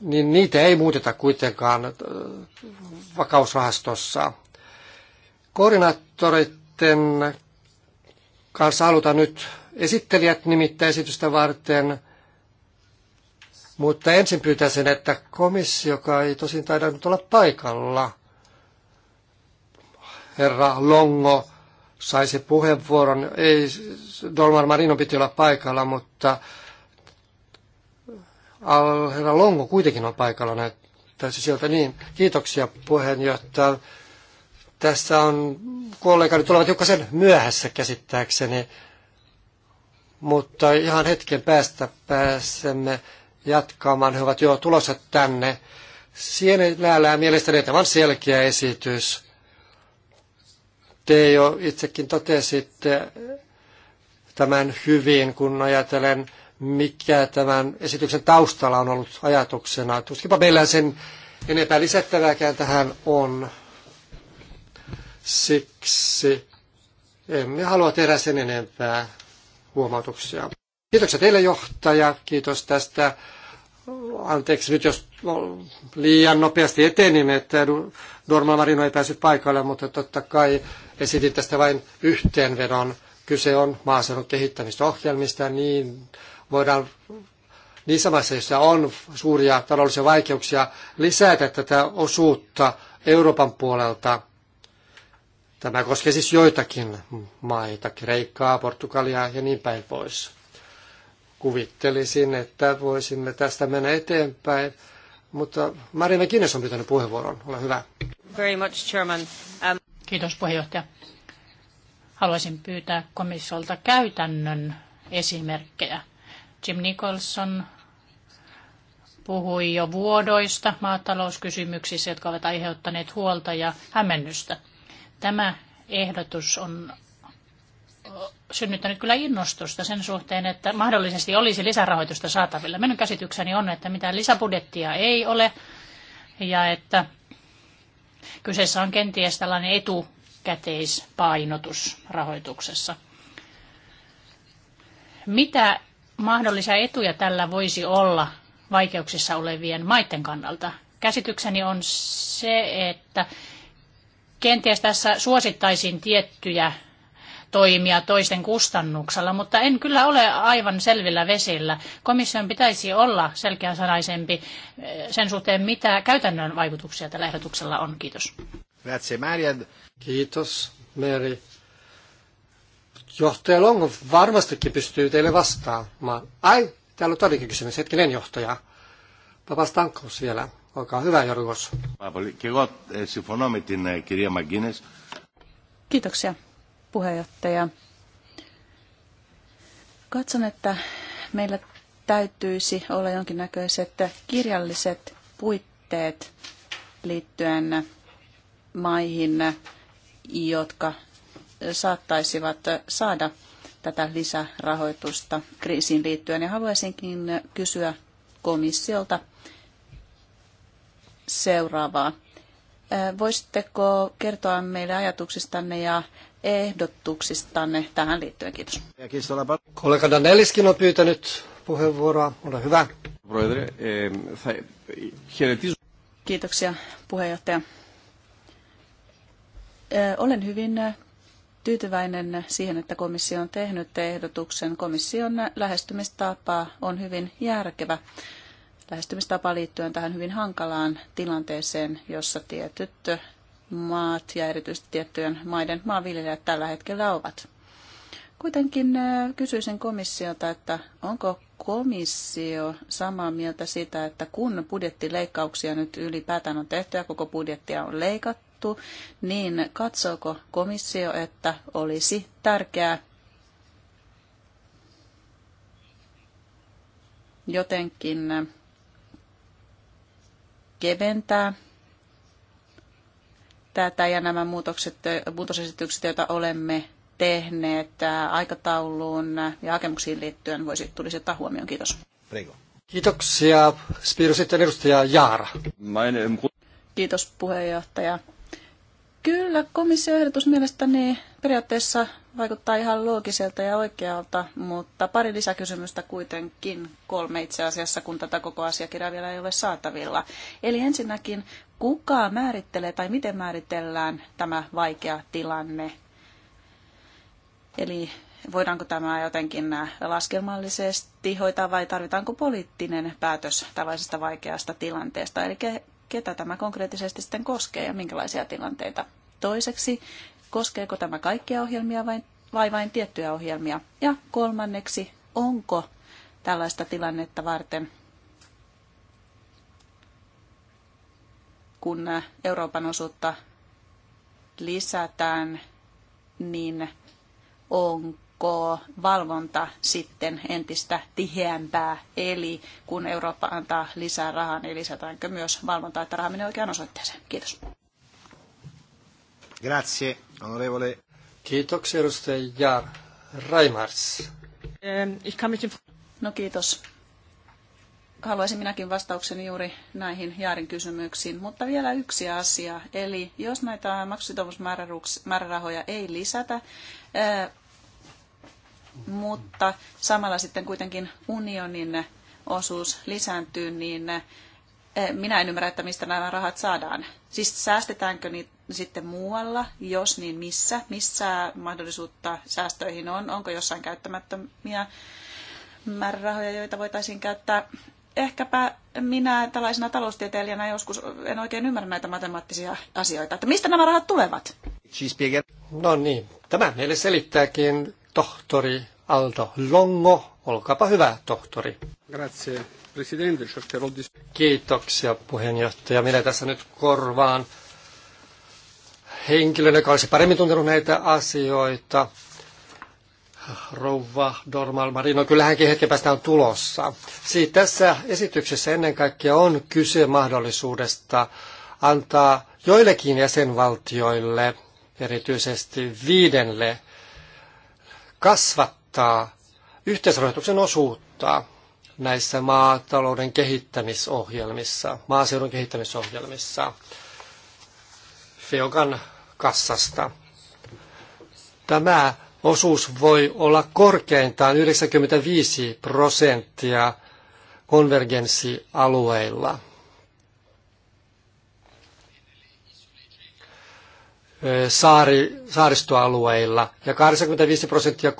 niin niitä ei muuteta kuitenkaan äh, vakausrahastossa. Koordinaattoreiden kanssa halutaan nyt esittelijät nimittäin esitystä varten, mutta ensin pyytäisin, että komissio, joka ei tosin taida nyt olla paikalla, herra Longo saisi puheenvuoron. Ei, Dolmar Marino piti olla paikalla, mutta herra Longo kuitenkin on paikalla näyttäisi sieltä. Niin, kiitoksia puheenjohtaja. Tässä on kollegani tulevat hiukkasen myöhässä käsittääkseni, mutta ihan hetken päästä pääsemme jatkamaan. He ovat jo tulossa tänne. Sieneläällä mielestäni tämä on selkeä esitys. Te jo itsekin totesitte tämän hyvin, kun ajatelen mikä tämän esityksen taustalla on ollut ajatuksena. Tuskipa meillä sen enempää lisättävääkään tähän on. Siksi emme halua tehdä sen enempää huomautuksia. Kiitoksia teille johtaja, kiitos tästä. Anteeksi nyt, jos liian nopeasti etenimme, että Norma Marino ei päässyt paikalle, mutta totta kai esitin tästä vain yhteenvedon. Kyse on maaseudun kehittämistä ohjelmista niin voidaan niissä maissa, joissa on suuria taloudellisia vaikeuksia, lisätä tätä osuutta Euroopan puolelta. Tämä koskee siis joitakin maita, Kreikkaa, Portugalia ja niin päin pois. Kuvittelisin, että voisimme tästä mennä eteenpäin, mutta Marina Kines on pitänyt puheenvuoron. Ole hyvä. Very much, Chairman. Um... Kiitos puheenjohtaja. Haluaisin pyytää komissiolta käytännön esimerkkejä Jim Nicholson puhui jo vuodoista maatalouskysymyksissä, jotka ovat aiheuttaneet huolta ja hämmennystä. Tämä ehdotus on synnyttänyt kyllä innostusta sen suhteen, että mahdollisesti olisi lisärahoitusta saatavilla. Minun käsitykseni on, että mitään lisäbudjettia ei ole ja että kyseessä on kenties tällainen etukäteispainotus rahoituksessa. Mitä mahdollisia etuja tällä voisi olla vaikeuksissa olevien maiden kannalta? Käsitykseni on se, että kenties tässä suosittaisiin tiettyjä toimia toisten kustannuksella, mutta en kyllä ole aivan selvillä vesillä. Komission pitäisi olla selkeäsanaisempi eh, sen suhteen, mitä käytännön vaikutuksia tällä ehdotuksella on. Kiitos. Grazie Maria. Kiitos Mary. Johtaja Long varmastikin pystyy teille vastaamaan. Ai, täällä on toinenkin kysymys. Hetkinen johtaja. Papastankos vielä. Olkaa hyvä, Jorgos. Kiitoksia, puheenjohtaja. Katson, että meillä täytyisi olla jonkinnäköiset kirjalliset puitteet liittyen maihin, jotka saattaisivat saada tätä lisärahoitusta kriisiin liittyen. Ja haluaisinkin kysyä komissiolta seuraavaa. Voisitteko kertoa meille ajatuksistanne ja ehdotuksistanne tähän liittyen? Kiitos. Kollega Daneliskin on pyytänyt puheenvuoroa. Ole hyvä. Eh, Kiitoksia puheenjohtaja. Eh, olen hyvin tyytyväinen siihen, että komissio on tehnyt ehdotuksen. Komission lähestymistapa on hyvin järkevä lähestymistapa liittyen tähän hyvin hankalaan tilanteeseen, jossa tietyt maat ja erityisesti tiettyjen maiden maanviljelijät tällä hetkellä ovat. Kuitenkin äh, kysyisin komissiota, että onko komissio samaa mieltä sitä, että kun budjettileikkauksia nyt ylipäätään on tehty ja koko budjettia on leikattu, sanottu, niin katsooko komissio, että olisi tärkeää jotenkin keventää tätä ja nämä muutokset, muutosesitykset, joita olemme tehneet aikatauluun ja hakemuksiin liittyen, voisi, tulisi ottaa huomioon. Kiitos. Rigo. Kiitoksia. Spiro sitten edustaja Jaara. Kiitos puheenjohtaja. Kyllä, ehdotus mielestäni periaatteessa vaikuttaa ihan loogiselta ja oikealta, mutta pari lisäkysymystä kuitenkin, kolme itse asiassa, kun tätä koko asiakirjaa vielä ei ole saatavilla. Eli ensinnäkin, kuka määrittelee tai miten määritellään tämä vaikea tilanne? Eli voidaanko tämä jotenkin laskelmallisesti hoitaa vai tarvitaanko poliittinen päätös tällaisesta vaikeasta tilanteesta? Eli ketä tämä konkreettisesti sitten koskee ja minkälaisia tilanteita Toiseksi, koskeeko tämä kaikkia ohjelmia vai, vai vain tiettyjä ohjelmia? Ja kolmanneksi, onko tällaista tilannetta varten, kun Euroopan osuutta lisätään, niin onko valvonta sitten entistä tiheämpää, eli kun Eurooppa antaa lisää rahaa, niin lisätäänkö myös valvontaa, että raha menee oikeaan osoitteeseen. Kiitos. Grazie, onorevole. Kiitoksia, edustaja Raimars. Ähm, no kiitos. Haluaisin minäkin vastauksen, juuri näihin Jaarin kysymyksiin, mutta vielä yksi asia. Eli jos näitä maksusitoumusmäärärahoja ei lisätä, äh, mutta samalla sitten kuitenkin unionin osuus lisääntyy, niin Eh, minä en ymmärrä, että mistä nämä rahat saadaan. Siis säästetäänkö niitä sitten muualla, jos niin missä? Missä mahdollisuutta säästöihin on? Onko jossain käyttämättömiä määrärahoja, joita voitaisiin käyttää? Ehkäpä minä tällaisena taloustieteilijänä joskus en oikein ymmärrä näitä matemaattisia asioita, että mistä nämä rahat tulevat? No niin, tämä meille selittääkin tohtori Aldo Longo Olkaapa hyvä, tohtori. Grazie, presidente. Kiitoksia, puheenjohtaja. Minä tässä nyt korvaan henkilön, joka olisi paremmin tuntenut näitä asioita. Rouva Dormal Marino, kyllähänkin hetken päästä on tulossa. Siitä tässä esityksessä ennen kaikkea on kyse mahdollisuudesta antaa joillekin jäsenvaltioille, erityisesti viidelle, kasvattaa yhteisrahoituksen osuutta näissä maatalouden kehittämisohjelmissa, maaseudun kehittämisohjelmissa Feokan kassasta. Tämä osuus voi olla korkeintaan 95 prosenttia konvergenssialueilla. Saari, saaristoalueilla ja 85 prosenttia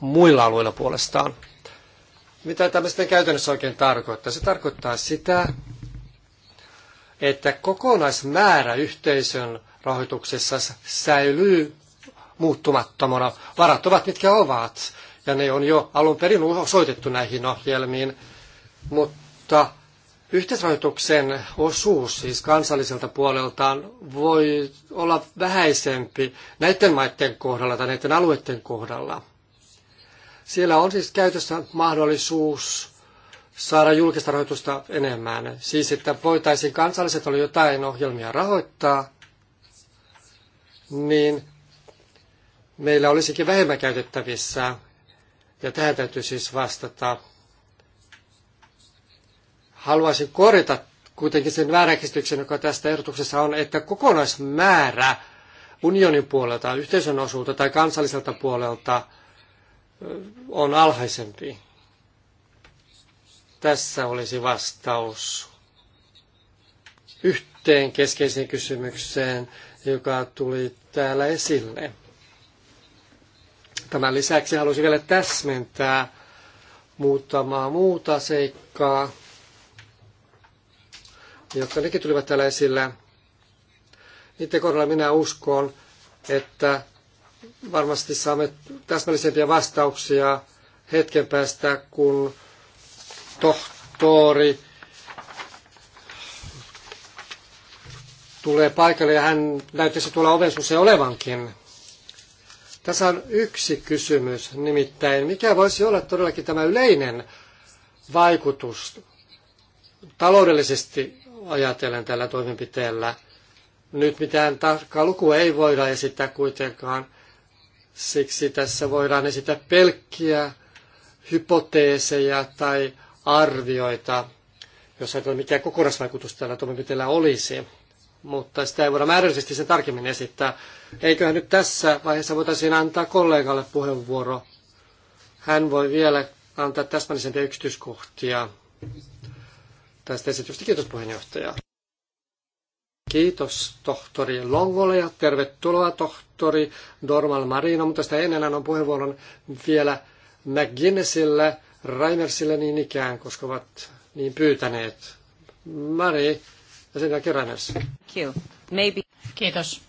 muilla alueilla puolestaan. Mitä tämä sitten käytännössä oikein tarkoittaa? Se tarkoittaa sitä, että kokonaismäärä yhteisön rahoituksessa säilyy muuttumattomana. Varat ovat mitkä ovat, ja ne on jo alun perin osoitettu näihin ohjelmiin, mutta yhteisrahoituksen osuus siis kansalliselta puoleltaan voi olla vähäisempi näiden maiden kohdalla tai näiden alueiden kohdalla – siellä on siis käytössä mahdollisuus saada julkista rahoitusta enemmän. Siis, että voitaisiin kansalliset olla jotain ohjelmia rahoittaa, niin meillä olisikin vähemmän käytettävissä. Ja tähän täytyy siis vastata. Haluaisin korjata kuitenkin sen vääräkistyksen, joka tästä ehdotuksessa on, että kokonaismäärä unionin puolelta, yhteisön osuutta tai kansalliselta puolelta – on alhaisempi. Tässä olisi vastaus yhteen keskeiseen kysymykseen, joka tuli täällä esille. Tämän lisäksi haluaisin vielä täsmentää muutamaa muuta seikkaa, jotka nekin tulivat täällä esille. Niiden kohdalla minä uskon, että varmasti saamme täsmällisempiä vastauksia hetken päästä, kun tohtori tulee paikalle ja hän näyttäisi tuolla oven se olevankin. Tässä on yksi kysymys, nimittäin mikä voisi olla todellakin tämä yleinen vaikutus taloudellisesti ajatellen tällä toimenpiteellä. Nyt mitään tarkkaa lukua ei voida esittää kuitenkaan, Siksi tässä voidaan esittää pelkkiä hypoteeseja tai arvioita, jos ajatellaan mikä kokonaisvaikutus tällä toimenpiteellä olisi. Mutta sitä ei voida määrällisesti sen tarkemmin esittää. Eiköhän nyt tässä vaiheessa voitaisiin antaa kollegalle puheenvuoro. Hän voi vielä antaa täsmällisempiä yksityiskohtia tästä esityksestä. Kiitos puheenjohtaja. Kiitos tohtori Longolle ja tervetuloa tohtori Dormal Marino, mutta sitä ennen annan puheenvuoron vielä McGinnisille, Raimersille niin ikään, koska ovat niin pyytäneet. Mari ja sen jälkeen Raimers. Kiitos.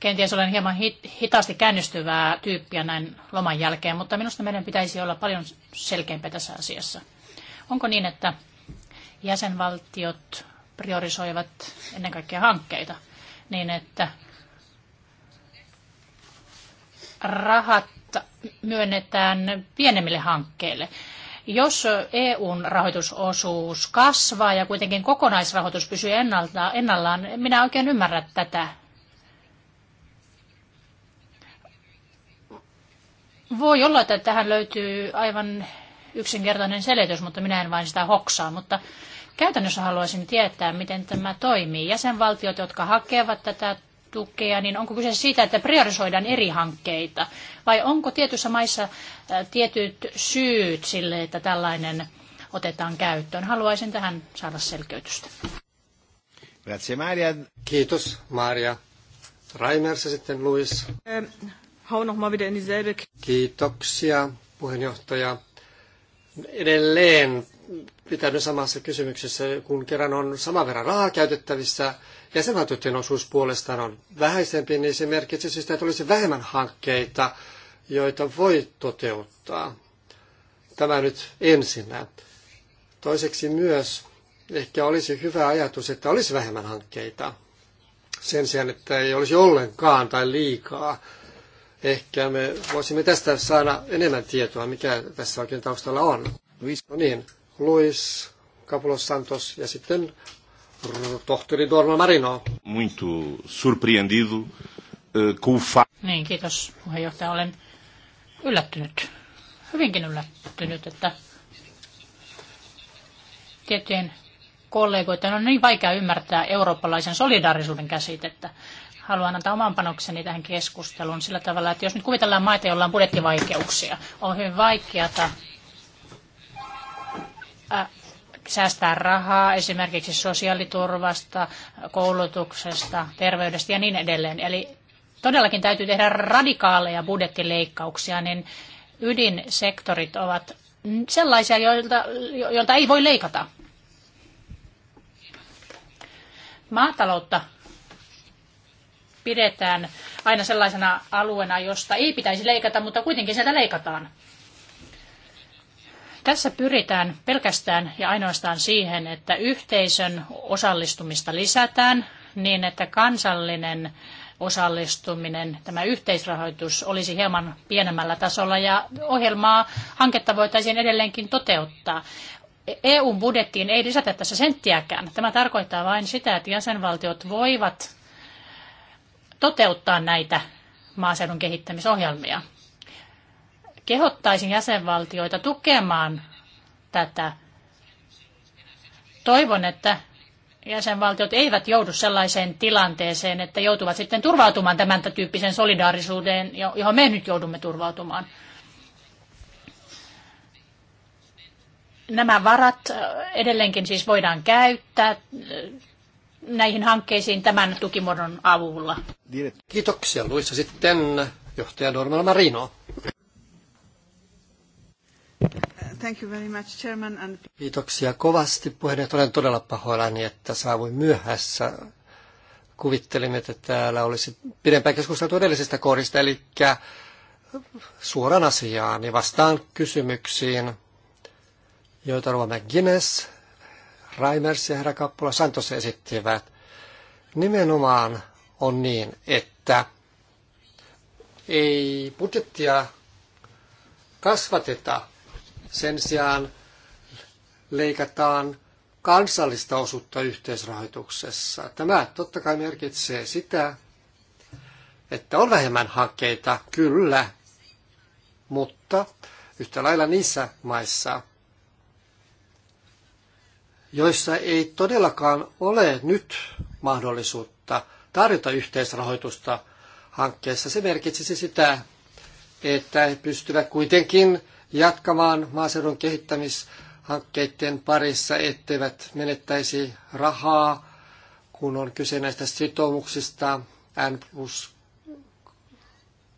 Kenties olen hieman hitaasti käynnistyvää tyyppiä näin loman jälkeen, mutta minusta meidän pitäisi olla paljon selkeämpiä tässä asiassa. Onko niin, että jäsenvaltiot priorisoivat ennen kaikkea hankkeita niin, että rahat myönnetään pienemmille hankkeille. Jos EUn rahoitusosuus kasvaa ja kuitenkin kokonaisrahoitus pysyy ennalta, ennallaan, minä oikein ymmärrän tätä. Voi olla, että tähän löytyy aivan yksinkertainen selitys, mutta minä en vain sitä hoksaa. Mutta Käytännössä haluaisin tietää, miten tämä toimii. Jäsenvaltiot, jotka hakevat tätä tukea, niin onko kyse siitä, että priorisoidaan eri hankkeita? Vai onko tietyissä maissa tietyt syyt sille, että tällainen otetaan käyttöön? Haluaisin tähän saada selkeytystä. Maria. Kiitos Maria. Raimers ja sitten Luis. Ähm, hau Kiitoksia puheenjohtaja. Edelleen pitänyt samassa kysymyksessä, kun kerran on saman verran rahaa käytettävissä. Jäsenvaltioiden osuus puolestaan on vähäisempi, niin se merkitsee sitä, että olisi vähemmän hankkeita, joita voi toteuttaa. Tämä nyt ensinnä. Toiseksi myös ehkä olisi hyvä ajatus, että olisi vähemmän hankkeita. Sen sijaan, että ei olisi ollenkaan tai liikaa. Ehkä me voisimme tästä saada enemmän tietoa, mikä tässä oikein taustalla on. No niin, Luis Capulos Santos ja sitten tohtori Dorma Marino. Muito surpreendido eh, com Niin, kiitos puheenjohtaja. Olen yllättynyt, hyvinkin yllättynyt, että tiettyjen kollegoiden on niin vaikea ymmärtää eurooppalaisen solidaarisuuden käsitettä. Haluan antaa oman panokseni tähän keskusteluun sillä tavalla, että jos nyt kuvitellaan maita, joilla on budjettivaikeuksia, on hyvin vaikeata Äh, säästää rahaa esimerkiksi sosiaaliturvasta, koulutuksesta, terveydestä ja niin edelleen. Eli todellakin täytyy tehdä radikaaleja budjettileikkauksia, niin ydinsektorit ovat sellaisia, joilta, joilta ei voi leikata. Maataloutta pidetään aina sellaisena alueena, josta ei pitäisi leikata, mutta kuitenkin sieltä leikataan. Tässä pyritään pelkästään ja ainoastaan siihen, että yhteisön osallistumista lisätään niin, että kansallinen osallistuminen, tämä yhteisrahoitus olisi hieman pienemmällä tasolla ja ohjelmaa, hanketta voitaisiin edelleenkin toteuttaa. EUn e budjettiin ei lisätä tässä senttiäkään. Tämä tarkoittaa vain sitä, että jäsenvaltiot voivat toteuttaa näitä maaseudun kehittämisohjelmia kehottaisin jäsenvaltioita tukemaan tätä. Toivon, että jäsenvaltiot eivät joudu sellaiseen tilanteeseen, että joutuvat sitten turvautumaan tämän tyyppisen solidaarisuuteen, johon me nyt joudumme turvautumaan. Nämä varat edelleenkin siis voidaan käyttää näihin hankkeisiin tämän tukimuodon avulla. Kiitoksia Luissa. Sitten johtaja Norma Marino. Thank you very much, Chairman. And... Kiitoksia kovasti puheenjohtaja. Olen todella pahoillani, että saavuin myöhässä. Kuvittelimme, että täällä olisi pidempään keskusteltu edellisestä kohdista, eli suoraan asiaan ja niin vastaan kysymyksiin, joita Ruoma Guinness, Raimers ja herra Kappula Santos esittivät. Nimenomaan on niin, että ei budjettia kasvateta sen sijaan leikataan kansallista osuutta yhteisrahoituksessa. Tämä totta kai merkitsee sitä, että on vähemmän hakeita, kyllä, mutta yhtä lailla niissä maissa, joissa ei todellakaan ole nyt mahdollisuutta tarjota yhteisrahoitusta hankkeessa, se merkitsisi sitä, että he pystyvät kuitenkin jatkamaan maaseudun kehittämishankkeiden parissa, etteivät menettäisi rahaa, kun on kyse näistä sitoumuksista N plus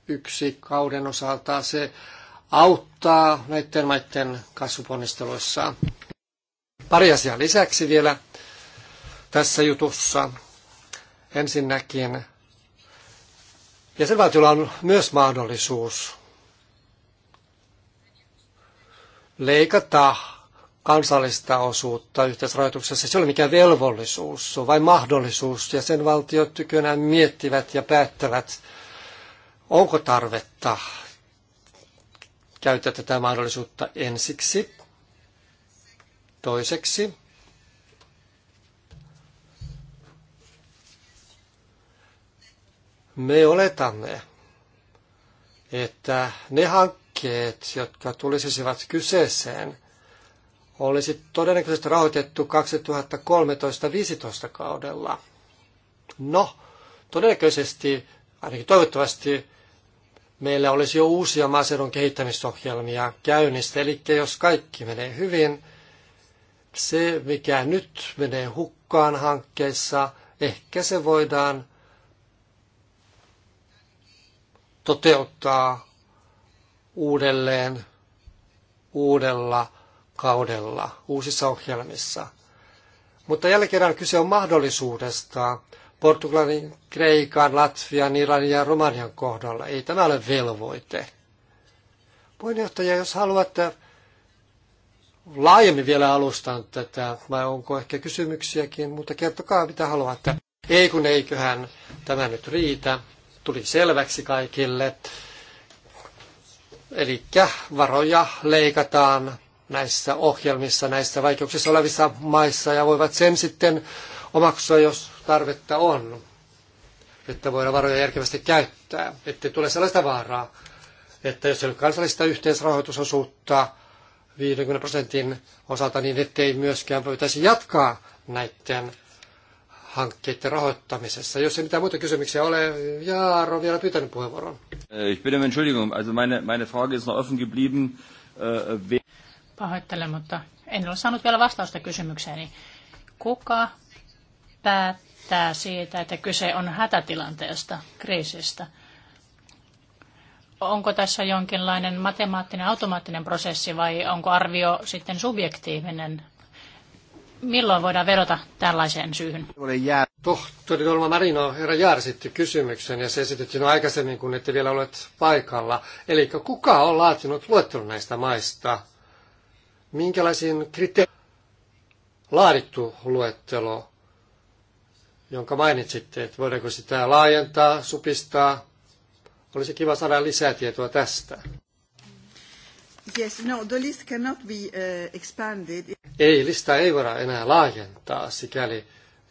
yksi kauden osalta. Se auttaa näiden maiden kasvuponnisteluissa. Pari asiaa lisäksi vielä tässä jutussa. Ensinnäkin jäsenvaltiolla on myös mahdollisuus leikata kansallista osuutta yhteisrahoituksessa. Se ei ole mikään velvollisuus, se on vain mahdollisuus. Ja sen valtiot tykönään miettivät ja päättävät, onko tarvetta käyttää tätä mahdollisuutta ensiksi. Toiseksi, me oletamme, että ne hankkeet, hankkeet, jotka tulisivat kyseeseen, olisi todennäköisesti rahoitettu 2013-2015 kaudella. No, todennäköisesti, ainakin toivottavasti, meillä olisi jo uusia maaseudun kehittämisohjelmia käynnissä. Eli jos kaikki menee hyvin, se mikä nyt menee hukkaan hankkeissa, ehkä se voidaan toteuttaa uudelleen uudella kaudella, uusissa ohjelmissa. Mutta jälleen kerran kyse on mahdollisuudesta Portugalin, Kreikan, Latvian, Irlannin ja Romanian kohdalla. Ei tämä ole velvoite. Puheenjohtaja, jos haluatte laajemmin vielä alustan tätä, vai onko ehkä kysymyksiäkin, mutta kertokaa mitä haluatte. Ei kun eiköhän tämä nyt riitä. Tuli selväksi kaikille. Eli varoja leikataan näissä ohjelmissa, näissä vaikeuksissa olevissa maissa ja voivat sen sitten omaksua, jos tarvetta on, että voidaan varoja järkevästi käyttää, ettei tule sellaista vaaraa, että jos ei ole kansallista yhteisrahoitusosuutta 50 prosentin osalta, niin ettei myöskään voitaisi jatkaa näiden hankkeiden rahoittamisessa. Jos ei mitään muita kysymyksiä ole, Jaaro on vielä pyytänyt puheenvuoron. Äh, ich bitte um Entschuldigung, also meine, meine Frage ist noch offen geblieben. Äh, Pahoittelen, mutta en ole saanut vielä vastausta kysymykseeni. Kuka päättää siitä, että kyse on hätätilanteesta, kriisistä? Onko tässä jonkinlainen matemaattinen, automaattinen prosessi vai onko arvio sitten subjektiivinen milloin voidaan vedota tällaiseen syyhyn? Tohtori Dolma Marino, herra Jaar kysymyksen ja se esitettiin aikaisemmin, kun ette vielä olet paikalla. Eli kuka on laatinut luettelon näistä maista? Minkälaisiin kriteereihin laadittu luettelo, jonka mainitsitte, että voidaanko sitä laajentaa, supistaa? Olisi kiva saada lisää tietoa tästä. Yes, no, the list cannot be uh, expanded. Ei, lista ei voida enää laajentaa sikäli,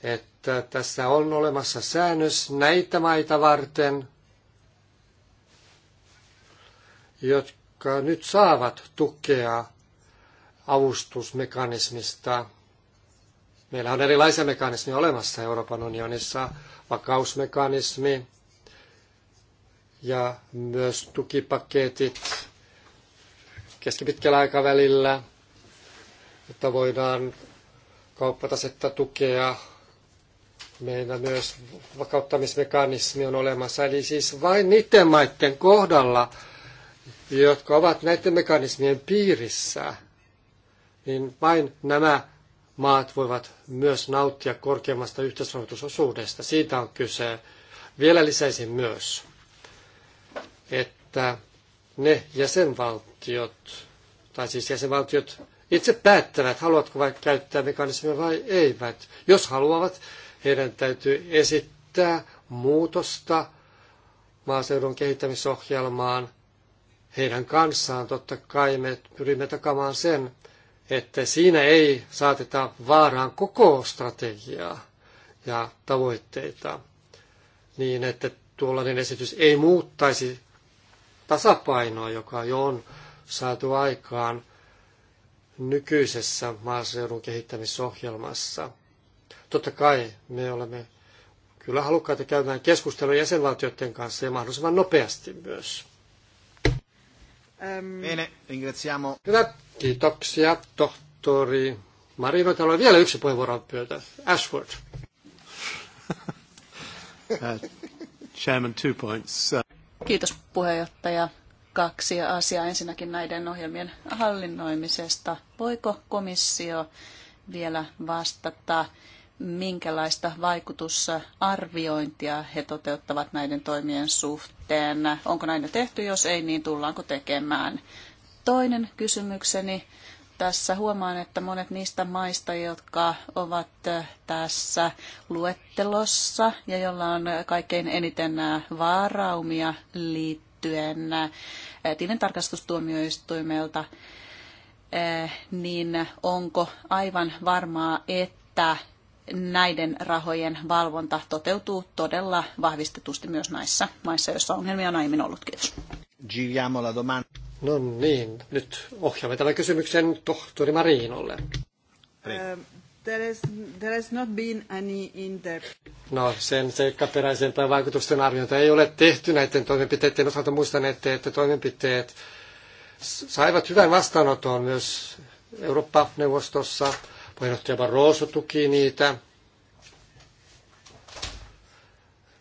että tässä on olemassa säännös näitä maita varten, jotka nyt saavat tukea avustusmekanismista. Meillä on erilaisia mekanismeja olemassa Euroopan unionissa, vakausmekanismi ja myös tukipaketit keskipitkällä aikavälillä että voidaan kauppatasetta tukea. Meillä myös vakauttamismekanismi on olemassa, eli siis vain niiden maiden kohdalla, jotka ovat näiden mekanismien piirissä, niin vain nämä maat voivat myös nauttia korkeammasta yhteisrahoitusosuudesta. Siitä on kyse. Vielä lisäisin myös, että ne jäsenvaltiot, tai siis jäsenvaltiot, itse päättävät, haluatko vai käyttää mekanismia vai eivät. Jos haluavat, heidän täytyy esittää muutosta maaseudun kehittämisohjelmaan heidän kanssaan. Totta kai me pyrimme takamaan sen, että siinä ei saateta vaaraan koko strategiaa ja tavoitteita, niin että tuollainen esitys ei muuttaisi tasapainoa, joka jo on saatu aikaan nykyisessä maaseudun kehittämisohjelmassa. Totta kai me olemme kyllä halukkaita käymään keskustelua jäsenvaltioiden kanssa ja mahdollisimman nopeasti myös. Bene, ringraziamo. Hyvä, kiitoksia tohtori Marino. Täällä on vielä yksi puheenvuoron pyytä. Ashford. <laughs> Uh, chairman, two points. Uh, Kiitos puheenjohtaja kaksi asiaa. Ensinnäkin näiden ohjelmien hallinnoimisesta. Voiko komissio vielä vastata, minkälaista vaikutusarviointia he toteuttavat näiden toimien suhteen? Onko näin jo tehty? Jos ei, niin tullaanko tekemään? Toinen kysymykseni tässä huomaan, että monet niistä maista, jotka ovat tässä luettelossa ja jolla on kaikkein eniten nämä vaaraumia liittyen, liittyen eh, tilintarkastustuomioistuimelta, eh, niin onko aivan varmaa, että näiden rahojen valvonta toteutuu todella vahvistetusti myös näissä maissa, joissa ongelmia on aiemmin ollut. Kiitos. No niin, nyt ohjaamme tämän kysymyksen tohtori Marinolle there, is, there has not been any in No, sen seikkaperäisempää vaikutusten arviota ei ole tehty näiden toimenpiteiden osalta. Muistan, että, että toimenpiteet saivat hyvän vastaanoton myös Eurooppa-neuvostossa. Puheenjohtaja Barroso tuki niitä.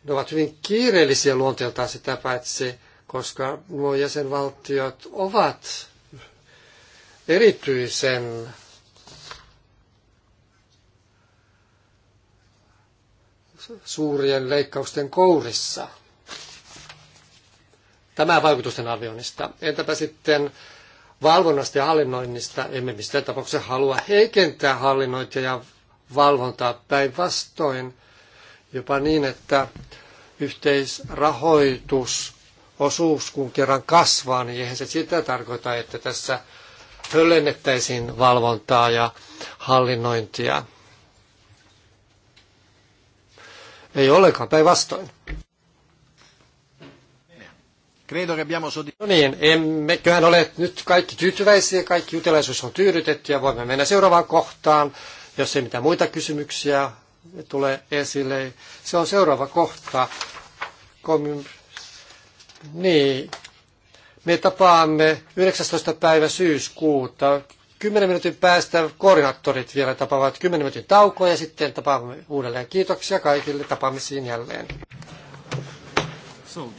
Ne ovat hyvin kiireellisiä luonteeltaan sitä paitsi, koska nuo jäsenvaltiot ovat erityisen suurien leikkausten kourissa. Tämä vaikutusten arvioinnista. Entäpä sitten valvonnasta ja hallinnoinnista? Emme missään tapauksessa halua heikentää hallinnointia ja valvontaa päinvastoin. Jopa niin, että yhteisrahoitus osuus kun kerran kasvaa, niin eihän se sitä tarkoita, että tässä höllennettäisiin valvontaa ja hallinnointia. Ei ollenkaan, päinvastoin. Credo che abbiamo No niin, emmeköhän ole nyt kaikki tyytyväisiä, kaikki jutelaisuus on tyydytetty ja voimme mennä seuraavaan kohtaan, jos ei mitään muita kysymyksiä tule esille. Se on seuraava kohta. Kom... Niin, me tapaamme 19. päivä syyskuuta Kymmenen minuutin päästä koordinaattorit vielä tapaavat kymmenen minuutin taukoa ja sitten tapaamme uudelleen. Kiitoksia kaikille tapaamisiin jälleen. So,